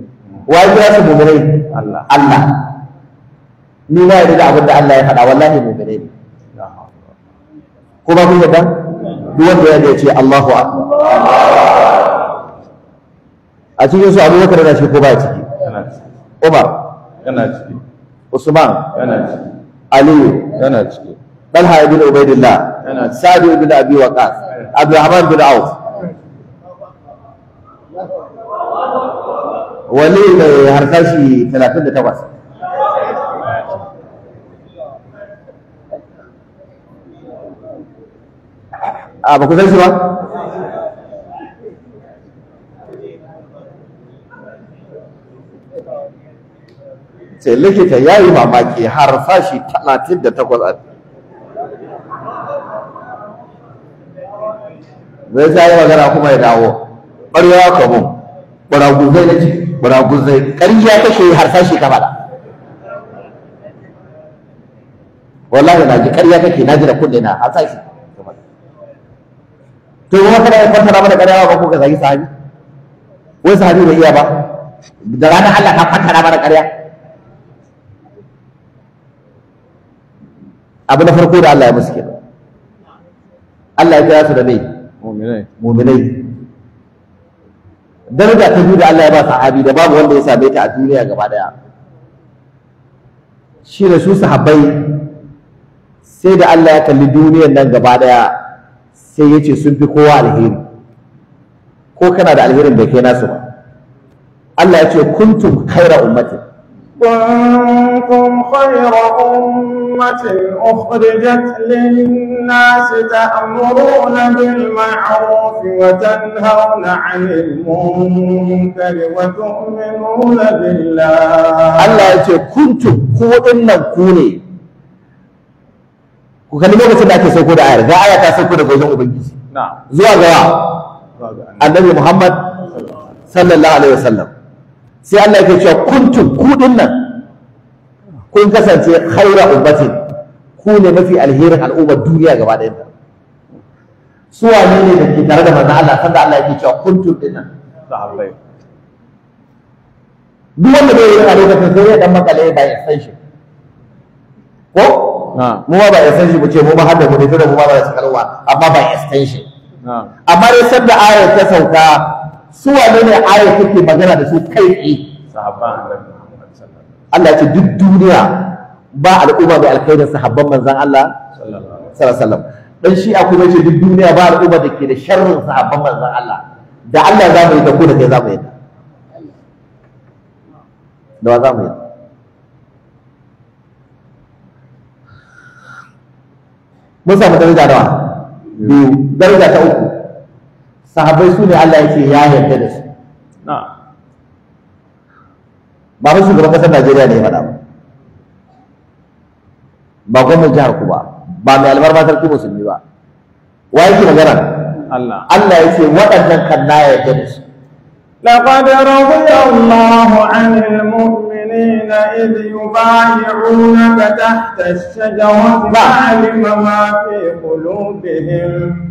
ويكرا سمؤمنين الله الله ni na yarda da abin da Allah ya faɗa wallahi mu'mini ne ko ba kun yarda duk wanda ya ce Allahu akbar a cikin su Abu Bakar yana ciki ko ba ciki Umar yana ciki Usman yana ciki Ali yana ciki Talha ibn Ubaidillah yana Sa'd ibn Abi abu Abdurrahman bin Auf wali mai harkashi 38 a ba ku san shi ba sai likita ya yi mamaki har sashi talatin da takwas a zai sa yi magana kuma ya dawo ɓarewa ka mun ɓaraguzai na ce ɓaraguzai ƙarya ya kashe har sashi ka faɗa wallahi na ji ya kake na ji da kuɗi na har sashi to yi wata ya kwanta mana karyawa ba ko ka zagi sahabi wai sahabi bai iya ba da ranar Allah ka kwanta mana karya abu na farko da Allah ya musu kenan Allah ya kira su da mai mu'minai daraja ta biyu da Allah ya ba sahabi da babu wanda ya same ta a duniya gaba daya shi da su sahabbai sai da Allah ya kalli duniyar nan gaba daya sai ya ce sun fi kowa alheri ko kana da alherin da kai nasu ba Allah ya ce kuntum khaira ummatin kuntum khaira ummatin ukhrijat lin-nas ta'muruna bil ma'ruf wa tanhauna 'anil munkar wa tu'minuna billah Allah ya ce kuntum ku dinnan ku ne ku kalli lokacin da ake sauko da ayar ga aya ta sauko da wajen ubangiji zuwa ga annabi muhammad sallallahu alaihi wasallam sai Allah yake cewa kuntu ku dinnan kun kasance khaira ummatin ku ne mafi alherin al'ummar duniya gaba ɗayan ta su wane ne da ke tare da manzon Allah sanda Allah yake cewa kuntum dinnan sahabbai duk wanda bai yi a lokacin sai ya dan makale ba san shi ko mu ma ba extension ce mu ma har mu ne tunda mu ma ba sakarwa amma ba extension amma dai sanda ayar ta sauka su wane ne ayar take magana da su kai ne Allah ya ce duk duniya ba al'umma da alkhairin sahabban manzon Allah sallallahu alaihi wasallam dan shi akwai ce duk duniya ba al'umma da ke da sharrin sahabban manzon Allah da Allah za mu yi da ko da kai za mu yi da wa za mu yi mun samu daraja nawa biyu daraja ta uku sahabbai su ne Allah ya ce ya yarda da su ba fa shugaban kasar Najeriya ne ya faɗa ba gwamnan jihar ku ba ba mai albarba sarki musulmi ba wa yake magana Allah Allah ya ce waɗannan kan na yarda da su laqad رضي Allahu 'anil المؤمنين المؤمنين إذ يبايعونك تحت الشجرة فعلم ما في قلوبهم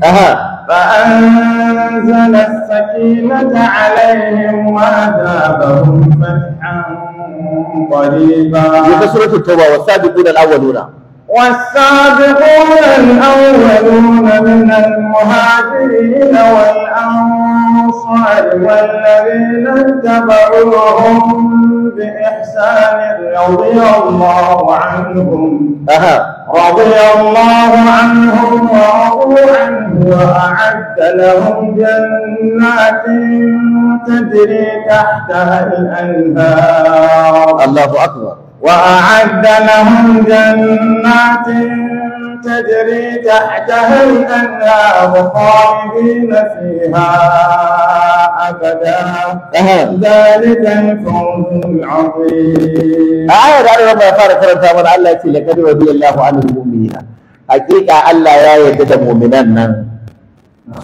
فأنزل السكينة عليهم وأذابهم فتحا قريبا في سورة التوبة والسابقون الأولون والسابقون الأولون من المهاجرين والأنصار الصالح والذين اتبعوهم بإحسان رضي الله عنهم أها. رضي الله عنهم ورضوا عنه وأعد لهم جنات تجري تحتها الأنهار الله أكبر وأعد لهم جنات تجري تحتها الأنهار خالدين فيها أبدا ذلك الفوز العظيم آية رأي ربما يفارق فرنسا من الله يتي لقد رضي الله عن المؤمنين حقيقة الله يا يدد مؤمنان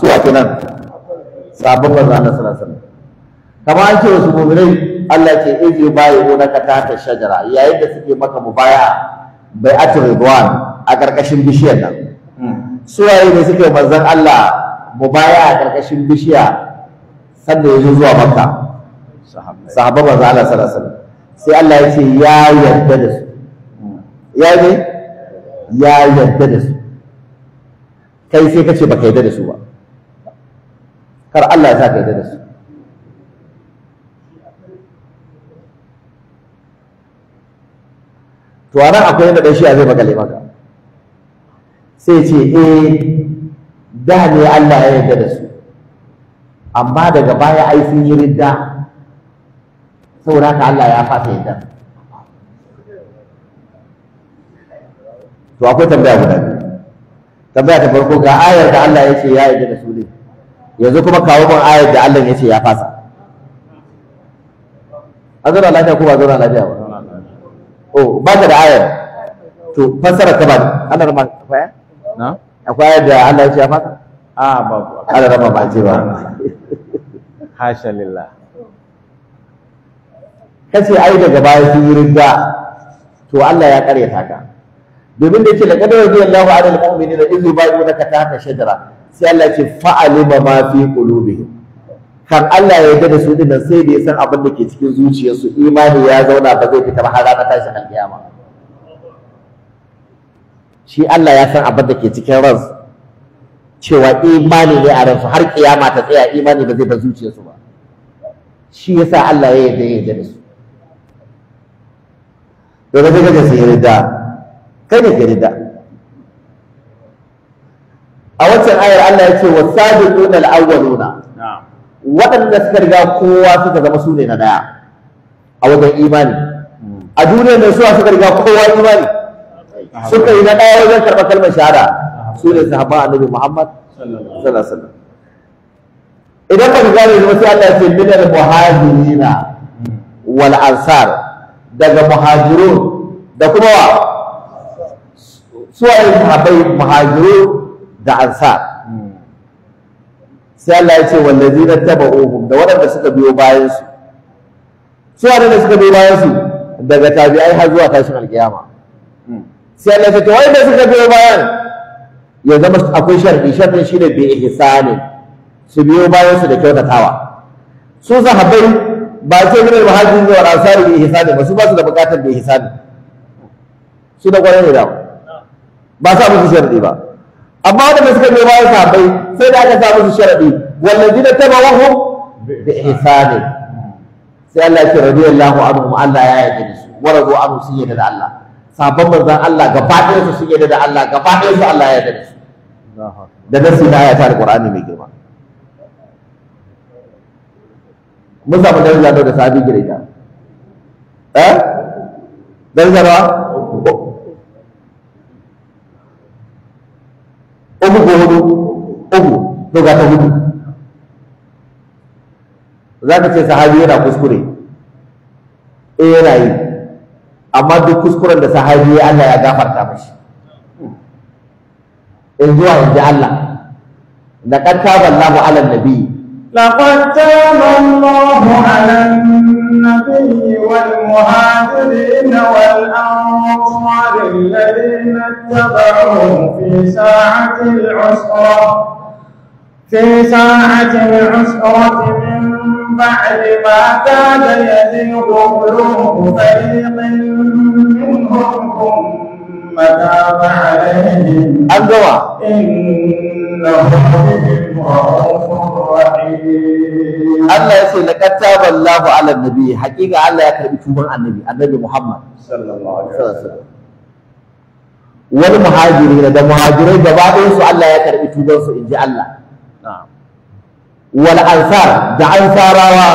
سوى كنان sabon manzo Allah sallallahu alaihi kamar an ce wasu mu'minai Allah ce in yi bayi ko naka ta shajara yayin da suke maka mubaya bai atu ridwan a ƙarƙashin bishiyar nan suwaye ne suke manzan Allah Allah baya a ƙarƙashin bishiya sanda ya zo zuwa makka sahabban manzon Allah sallallahu alaihi wasallam sai Allah ya ce ya yarda da su ya ne ya yarda da su kai sai kace baka yarda da su ba kar Allah ya sa ka yarda da su to ana akwai yadda dan shi zai makale maka sai ce eh da ne Allah ya yarda da su amma daga baya ai sun yi ridda saboda Allah ya fasa yarda to akwai tambaya guda tambaya ta farko ga ayar da Allah ya ce ya yarda da su ne yanzu kuma kawo min ayar da Allah ya ce ya fasa an zauna lafiya ko ba zauna lafiya ba oh ba ta da ayar to fassara ta ba Allah ma faya na akwai da Allah ya ce a fata a ba kada rama ba ce ba hasha lillah kace ai daga baya sun yi ridda to Allah ya kare ta ka domin da yake da kadar radiyallahu anil mu'minina da yubayyi'unaka tahta shajara sai Allah ce fa'alima ma fi qulubihim kan Allah ya yarda da su dinnan sai da ya san abin da ke cikin zuciyarsu imani ya zauna ba zai fitar har ranar tashin alkiyama shi Allah ya san abin da ke cikin ran cewa imani ne a ransu har kiyama ta tsaya imani ba zai ba zuciyarsu ba shi yasa Allah ya yarda ya yarda da su to da kaga sai yarda kai ne ka yarda a wancan ayar Allah ya ce wa wasabiqun al-awwaluna waɗanda suka riga kowa suka zama su ne na daya a wajen imani hmm. a duniyar da suwa suka riga kowa imani suka yi na ɗaya wajen karɓar kalmar shahada su ne sahabban annabi Muhammad sallallahu alaihi wasallam idan ba ka gane ba sai Allah ya ce min al muhajirina wal ansar daga muhajirun da kuma wa suwaye sahabbai muhajirun da ansar sai Allah ya ce taba tabauhum da waɗanda suka biyo bayansu. su su waɗanda suka biyo bayansu daga tabi'ai har zuwa tashin alkiyama sai Allah ya ce wanda suka biyo bayan ya zama akwai sharadi sharadin shine bi ihsani su biyo bayan su da kyautatawa su sahabbai ba ce min muhajirin wa ansari bi ihsani ba su ba su da bukatar bi ihsani su da kwarai ne da ba sa musu sharadi ba amma da suka biyo bayan sahabbai sai da aka sa musu sharadi wallazina tabawahum bi ihsani sai Allah ya ce radiyallahu anhum Allah ya yarda da su wa radu anhu sayyidina Allah sabon manzan Allah gaba ɗaya su shige da Allah gaba ɗaya su Allah ya dace da su da na ayata alqur'ani mai girma mun samu zuwa da sabi gireta eh dan ba ubu ko hudu uku to ga ta hudu za ka ce sahabi yana kuskure eh yana yi amma duk kuskuren da sahabi ya Allah ya gafarta mashi in zuwa in ji Allah laqad taba Allahu 'ala an-nabi laqad taba Allahu 'ala an-nabi wal muhajirin wal ansar alladhina ittaba'uhu fi sa'ati al-'usra fi sa'ati al-'usra بعد ما كان يزيغ قلوب فريق منهم ثم تاب عليهم إنه بهم رحيم الله يسير الله على النبي حقيقة الله يكرم توبة النبي النبي محمد صلى الله عليه وسلم wani muhajiri da muhajirai gaba ɗayansu Allah ya الله Allah wal ansar da ansarawa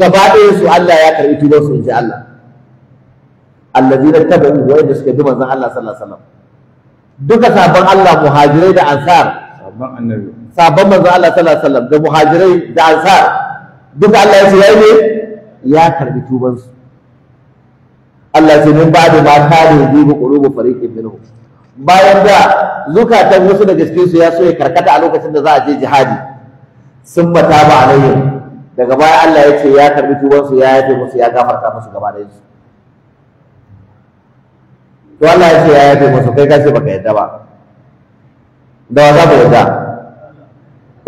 gaba ɗaya su Allah ya karɓi tuban su inji Allah allazina tabu wa yadda suka bi manzon Allah sallallahu alaihi wasallam duka sabon Allah muhajirai da ansar sabon annabi sabon manzon Allah sallallahu alaihi wasallam da muhajirai da ansar duka Allah ya ce ne ya karɓi tuban su Allah ce min ba'da ma kare bi qulubu fariqin minhum bayan da zukatan wasu daga cikin su ya so ya karkata a lokacin da za a je jihadi sun mata ba a alaihim daga baya Allah ya ce ya karbi tubansu ya yafe musu ya gafarta musu gaba da su to Allah ya ce ya yafe musu kai ka ce baka yadda ba da wa za ka yadda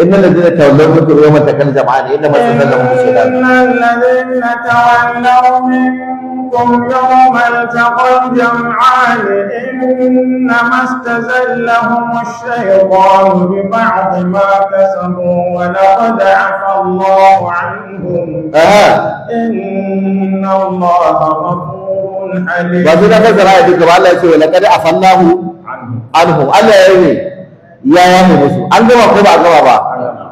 innal ladina tawallaw minkum yawma taqal jama'an inna ma sallallahu alaihi wa sallam innal ladina tawallaw minkum منكم يوم التقى الجمعان إنما استزلهم الشيطان ببعض ما كسبوا ولقد عفى الله عنهم إن الله غفور حليم. ba su da fasara ya duka ba Allah ya ce wa laqad afallahu anhu Allah ya yi ya yamu musu an gama ko ba a gama ba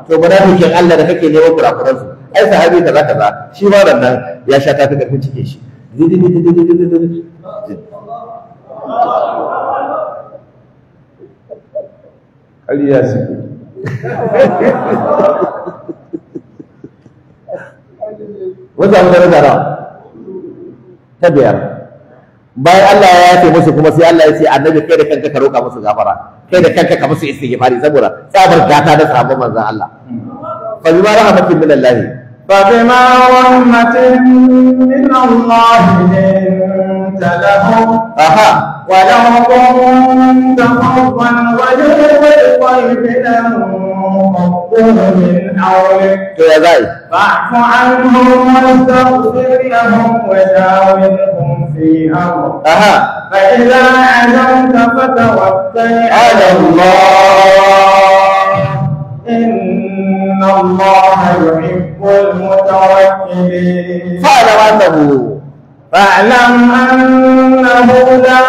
to ba da Allah da kake neman kurakuransu ai sahabi kaza za shi ma nan ya sha ta fi karfin cikin shi ƙarya su wata hanyar da ta biyar bayan Allah ya yafe musu kuma sai Allah ya ce annabi kai da kanka ka roƙa musu gafara kai da kanka ka musu istighfari saboda tsabar gata da sahabban manzon Allah fa bima rahmatin min Allah فبما رحمة من الله لنت لهم أها ولو كنت فظا غليظ القلب لانفضوا من حولك فاعف عنهم واستغفر لهم وداولهم في امر أها فإذا عزمت فتوكل على الله إن إن الله يحب المتوكلين فاعلم أنه فاعلم أنه لا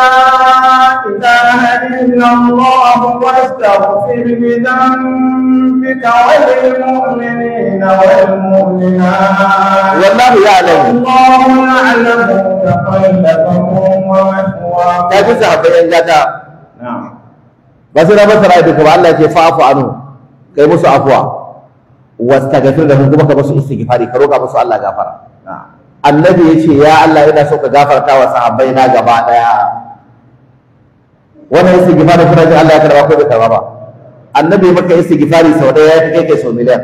إله إلا الله واستغفر لذنبك وللمؤمنين والمؤمنات والله يعلم الله يعلم تقلبكم ومثواكم. لا تزعل فإن جدا. نعم. بس أنا بس رأيتك والله كيف أعفو عنه. kai musu afwa wastaghfir lahum kuma ka musu istighfari ka roka musu Allah gafara annabi yace ya Allah ina so ka gafarta wa sahabbai na gaba daya wannan istighfari kuma da Allah ya karba ko bai karba ba annabi maka istighfari sau daya ya fi kai kai sau miliyan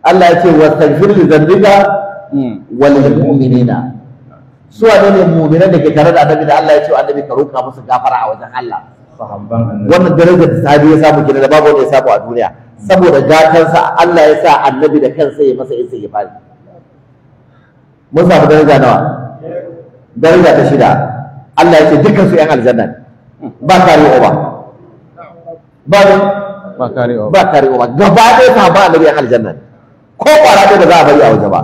Allah yace wastaghfir li dhanbika wal mu'minina su wa ne mu'minan da ke tare da annabi da Allah ya ce annabi ka roka musu gafara a wajen Allah wannan darajar da sahabi ya samu kenan da babu wanda ya samu a duniya saboda gatansa Allah ya sa annabi da kansa ya masa isa fari mun samu daraja nawa daraja ta shida Allah ya ce dukkan su yan aljanna ba kare oba ba ba ba kare oba gaba ɗaya sahabba annabi yan aljanna ko ƙwara ɗaya da za a bari a waje ba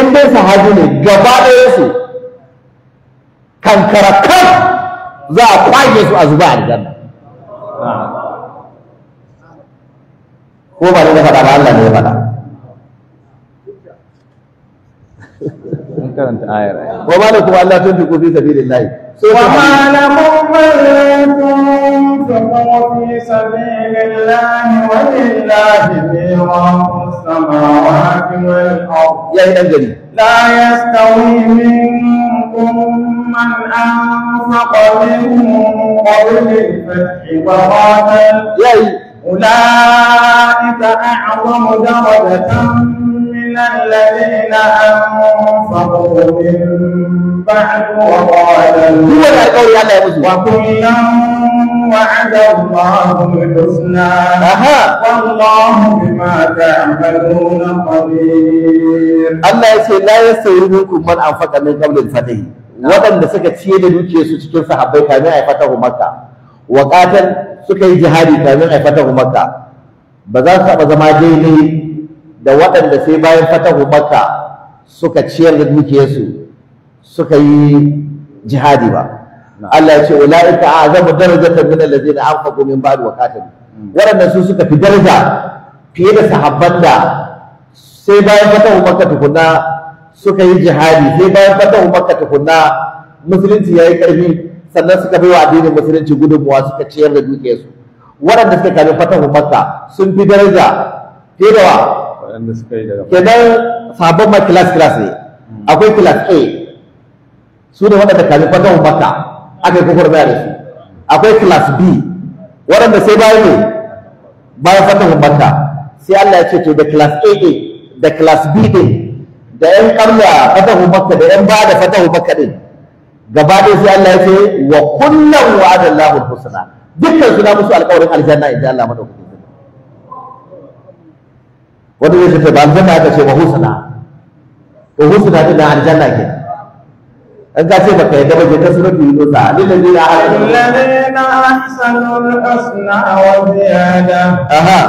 in dai sahabi ne gaba ɗaya su kankara kan za a kwage su a zuba aljanna ko ba da faɗa ba Allah ne ya faɗa wa ma lakum tunfiqu fi wa ma lakum tunfiqu fi wa lillahi samawati wal ya idan gari la yastawi minkum Iman al'amɓa kɔɗi, mun ɓari ne na aɗau, mako ke da mu. Mun bɛnɗan An na ye sayi, n'a ya sayi ni k'u mɔna a waɗanda suka ciye da dukiyarsu cikin sahabbai kamin a fatahu makka wa qatal suka yi jihadi kamin a fatahu makka ba za su taɓa zama daidai da waɗanda sai bayan fatahu makka suka ciyar da dukiyarsu suka yi jihadi ba Allah ya ce ulaika a'zamu darajatan min allazina anfaqu min ba'd wa qatalu hmm. Waɗanda su suka fi daraja fiye da sahabban da sai bayan fatahu makka tukunna suka yi jihadi sai bayan fatahu makka tukunna musulunci yayi karfi sannan suka bai wa addinin musulunci gudunmuwa suka ciyar da yasu waɗanda suka kafin fatahu makka sun fi daraja fiye da wa kenan sabon ma class class ne akwai class A su ne waɗanda kafin fatahu makka aka yi kufur da su akwai class B waɗanda sai bayan ne bayan fatahu makka sai Allah ya ce to da class A da class B din da yan kabla fatahu makka da yan bada fatahu makka din gaba ɗaya sai Allah ya ce wa kullum wa'ada Allahu husna dukkan su na musu alƙawarin aljanna inda Allah madaukakin sarki wanda zai ce ba aljanna aka ce wa husna to husna din na aljanna ke an ka ce baka yadda ba je ta sura biyu to sa alladheena alladheena ahsanul husna wa ziyada aha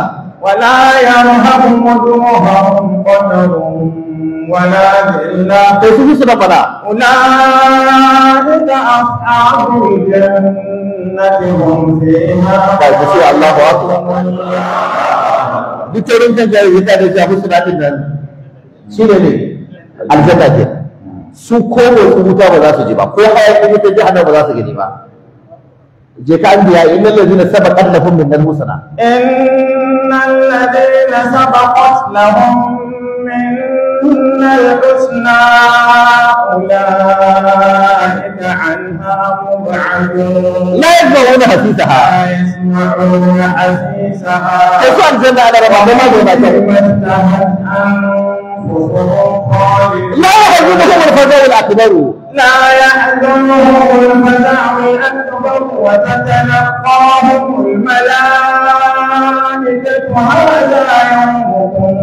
wala yarhamu wujuhahum qadrun ولا ذلة تسوي سورة أولئك أصحاب الجنة هم فيها طيب بسي الله أكبر dukkanin kan da ya da shafi suratin nan su ne ne aljanna su ko mai wuta ba za su ji ba ko hayakin wuta jahannama ba za su gani ba je ka الحسنى أولئك عنها مبعدون لا يسمعون حسيسها لا يسمعون حسيسها كيف أنزلنا على ربما ما دون لا يحزنهم الفزع الأكبر لا يحزنهم الفزع الأكبر وتتلقاهم الملائكة هذا يومكم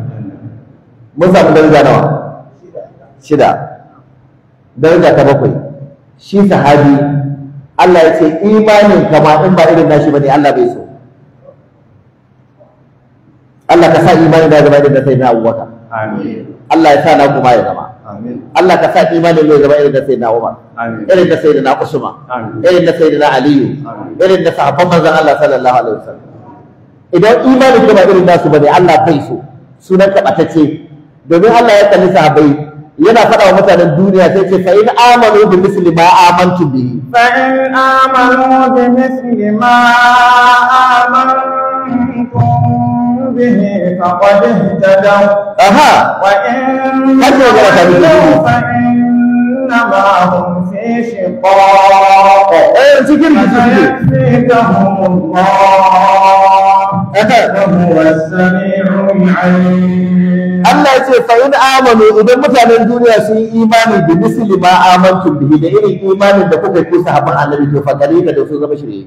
mun samu daraja nawa shida daraja ta bakwai shi sahabi Allah ya ce imanin kama in ba irin nashi bane Allah bai so Allah ka sa imanin da zama irin da sai na Abubakar amin Allah ya sa na kuma ya zama amin Allah ka sa imanin da zama irin da sai na Umar amin irin da sai na Usman amin irin da sai na Aliyu irin da sahabban manzon Allah sallallahu alaihi wasallam idan imanin kuma irin nasu bane Allah bai so sunan ka batacce domin Allah ya kalli sahabbai yana faɗa wa mutanen duniya sai ce fa in amanu bi misli ma amantu bihi fa in amanu bi misli ma amantum bihi faqad ihtadaw aha wa in kaje ga ta bi fa innama hum fi shiqaq eh, eh cikin cikin Allah وهو السميع العليم Allah ya ce fa in amanu idan mutanen duniya sun yi imani da misli ma amantu bihi da irin imanin da kuka yi sahabban annabi to fa kare da su zama shirye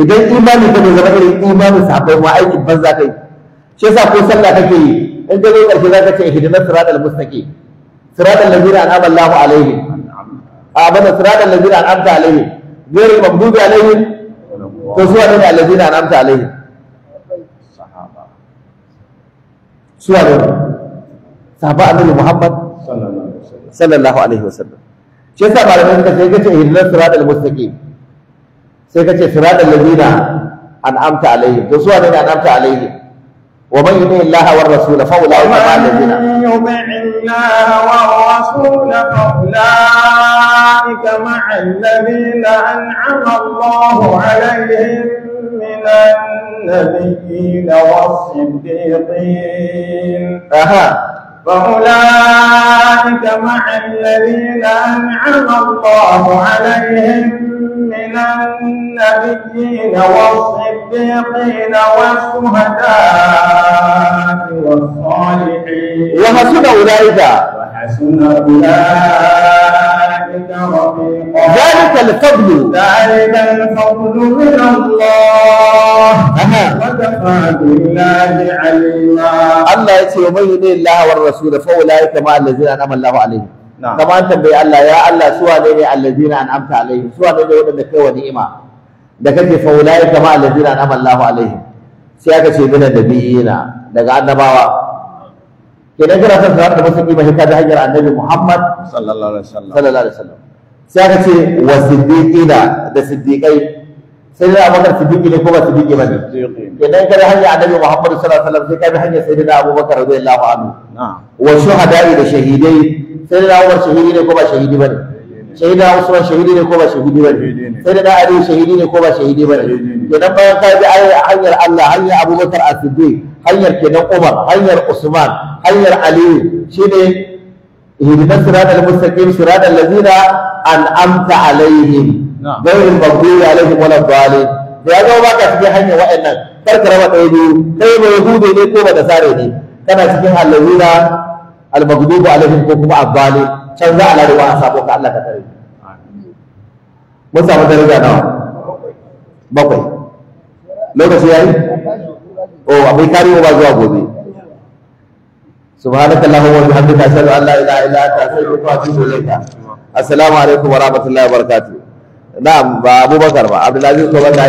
idan imanin ka ne zama irin imanin sahabbai ma aikin banza kai shi yasa ko sallah kake yi in ka zo karshe zaka ce ihdinas siratal mustaqim siratal ladzina an'ama Allahu alaihim amana siratal ladzina an'amta alaihim ghayril maghdubi alaihim ko suwa ne alladhina an'amta alaihim suwa ne sahaba annabi muhammad sallallahu alaihi wasallam shi yasa malamai suka sai kace ihdinas al mustaqim sai kace siratal ladina an'amta alaihim to suwa ne an'amta alaihim ومن يطع الله والرسول فاولئك مع الذين ومن يطع الله والرسول مع الذين انعم الله عليهم من النبيين والصديقين فأولئك مع الذين أنعم الله عليهم من النبيين والصديقين والشهداء والصالحين وحسن أولئك وحسن أولئك ذلك الفضل ذلك الفضل من الله وكفى بالله عليما الله يتي ومن يطع الله والرسول فاولئك مع الذين انعم الله عليهم كما تنبي الله يا الله سوى لي الذين انعمت عليهم سوى لي ودن كي ونعمه da kake faulai kama alladina an'ama Allahu alaihim sai aka ce bin nabiyina daga annabawa idan kana son salatu musulmi ba ka ji hanyar annabi Muhammad sallallahu alaihi wasallam sallallahu alaihi wasallam sai aka ce wa siddiqina da siddiqai sai da Abubakar siddiqi ne ko ba siddiqi ba ne idan kana hanyar annabi Muhammad sallallahu alaihi wasallam sai ka bi hanyar sayyidina Abubakar radiyallahu anhu wa shuhada'i da shahidai sai da shahidi ne ko ba shahidi ba ne shahida usman shahidi ne ko ba shahidi ba ne sai da ali shahidi ne ko ba shahidi ba ne to dan bayan ka bi hanyar Allah hanyar Abubakar as hanyar kenan Umar hanyar Usman hanyar Ali shine اهدنا الصراط المستقيم صراط الذين انعمت عليهم غير المغضوب عليهم ولا الضالين da ya zama baka cikin hanyar wa'annan kar ka raba ɗaya biyu ɗaya mai hudu ne ko ba da sare ne kana cikin allazina almaghdubu alaihim ko kuma abbali can za a laruwa a sabo ka Allah ka tare mun samu daraja nawa bakwai lokaci yayi oh akwai ba zuwa gobe wa bihamdika ashhadu an la ilaha illa anta astaghfiruka wa atubu assalamu alaikum wa rahmatullahi wa barakatuh na'am ba abubakar